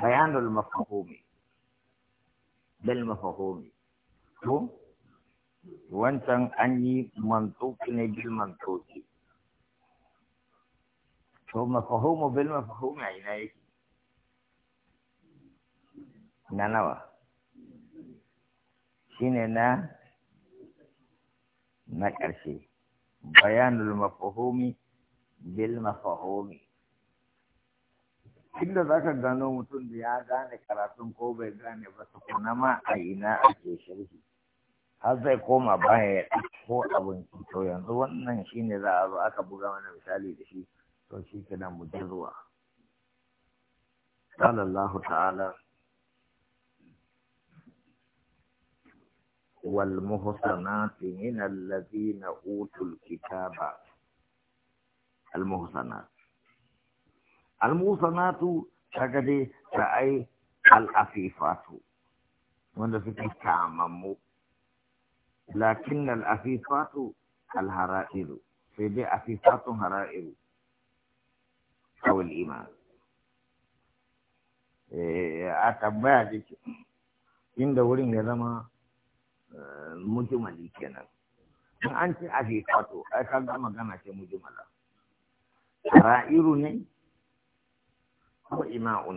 bayanul mafahumi bil mafahumi to wancan an yi mantuki ne bil mantuki to a ina yake na nawa shine na na ƙarshe bayanul mafahumi bil inda za ka gano mutum da ya gane karatun ko bai gane ba tukuna ma a ina ake sharhi har zai koma baya ya ko abin to yanzu wannan shine za a zo aka buga mana misali da shi to shi nan mu jirwa sallallahu ta'ala wal na min na utul kitaba al almusanatu kaga dai ta ai al'afifatu wanda suke kamammu lakin al'afifatu alhara'iru sai dai afifatun hara'iru kawul iman a tambaya dake inda wurin ya zama mujimali kenan in an ce afifatu ai kaga magana ce mujimala hara'iru ne ko ima'u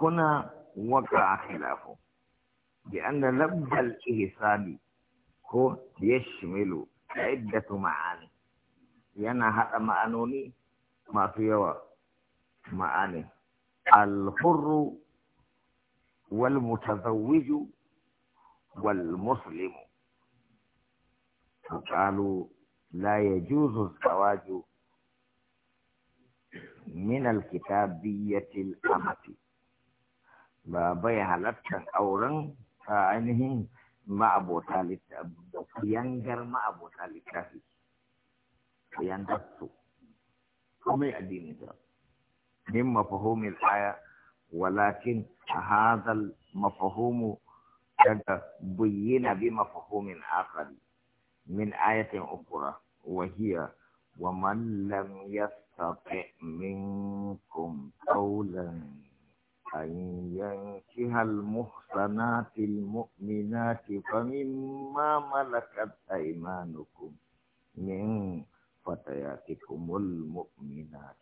هنا وقع خلاف لأن لفظ الإحسان هو يشمل عدة معاني لأن هذا معنوني ما فيه معاني الحر والمتزوج والمسلم قالوا لا يجوز الزواج من الكتابية الأمة بابي هلتا أورن فأنه ما أبو ثالث ينجر ما أبو ثالث ينجر هم يأدين من مفهوم الآية ولكن هذا المفهوم قد بين بمفهوم آخر من آية أخرى وهي ومن لم يستطع منكم قولا أن ينكه المحصنات المؤمنات فمما ملكت أيمانكم من فتياتكم المؤمنات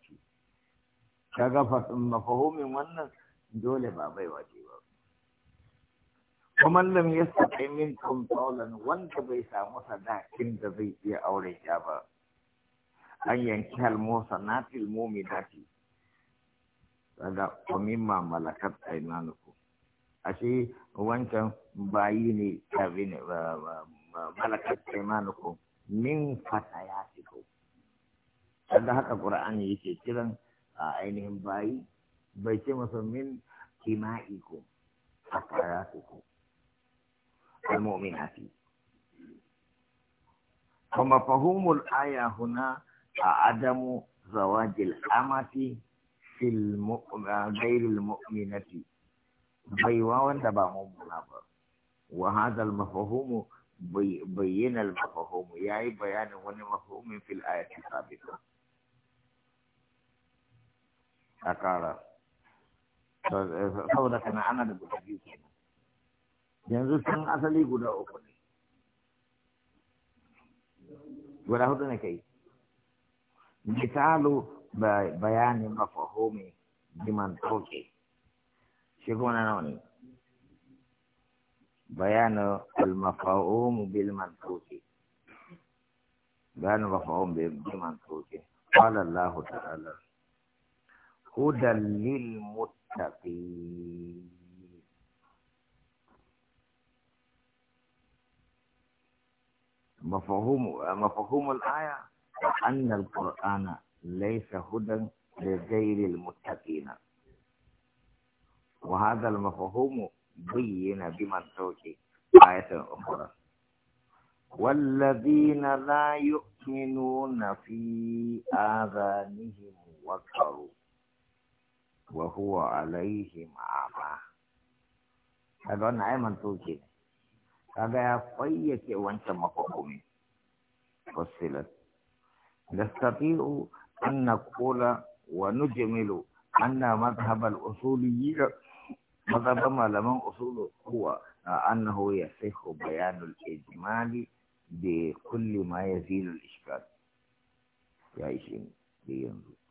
شغفة مفهوم من دولة بابا واجبا ومن لم يستطع منكم قولا وانت بيسا مصدا كنت بيتي أولي جابا an yanki halmosa na filmo mai dace daga kwamimma malakar aimanuku ashe wancan bayi ne malakat ne malakar aimanuku min fata ya ko. daga haka ƙura'ani yake kiran a ainihin bayi bai ce masa min kima'iku fata ya ko al-mu'minati kuma fahimul aya huna a adamu zawajil amati fil gairil mu'minati baiwa wanda ba mummuna ba wa hadal mafahumu bayyana al-mafahumu yayi bayanin wani mafahumin fil ayati sabiqa akara saboda kana ana da guda biyu kenan yanzu sun asali guda uku ne guda hudu ne kai مثال بيان المفهوم بمنطوقه شكونا نوني بيان المفهوم بالمنطوق بيان المفهوم بالمنطوق قال الله تعالى هدى للمتقين مفهوم مفهوم الآية وأن القرآن ليس هدى لغير المتقين وهذا المفهوم بين بمنطوق آية أخرى والذين لا يؤمنون في آذانهم وكروا وهو عليهم أعمى هذا نعم منطوقي هذا فيك وانت مفهومي فصلت نستطيع أن نقول ونجمل أن مذهب الأصوليين مذهب ما لم أصول هو أنه يصح بيان الإجمال بكل ما يزيل الإشكال يا إشين ينظر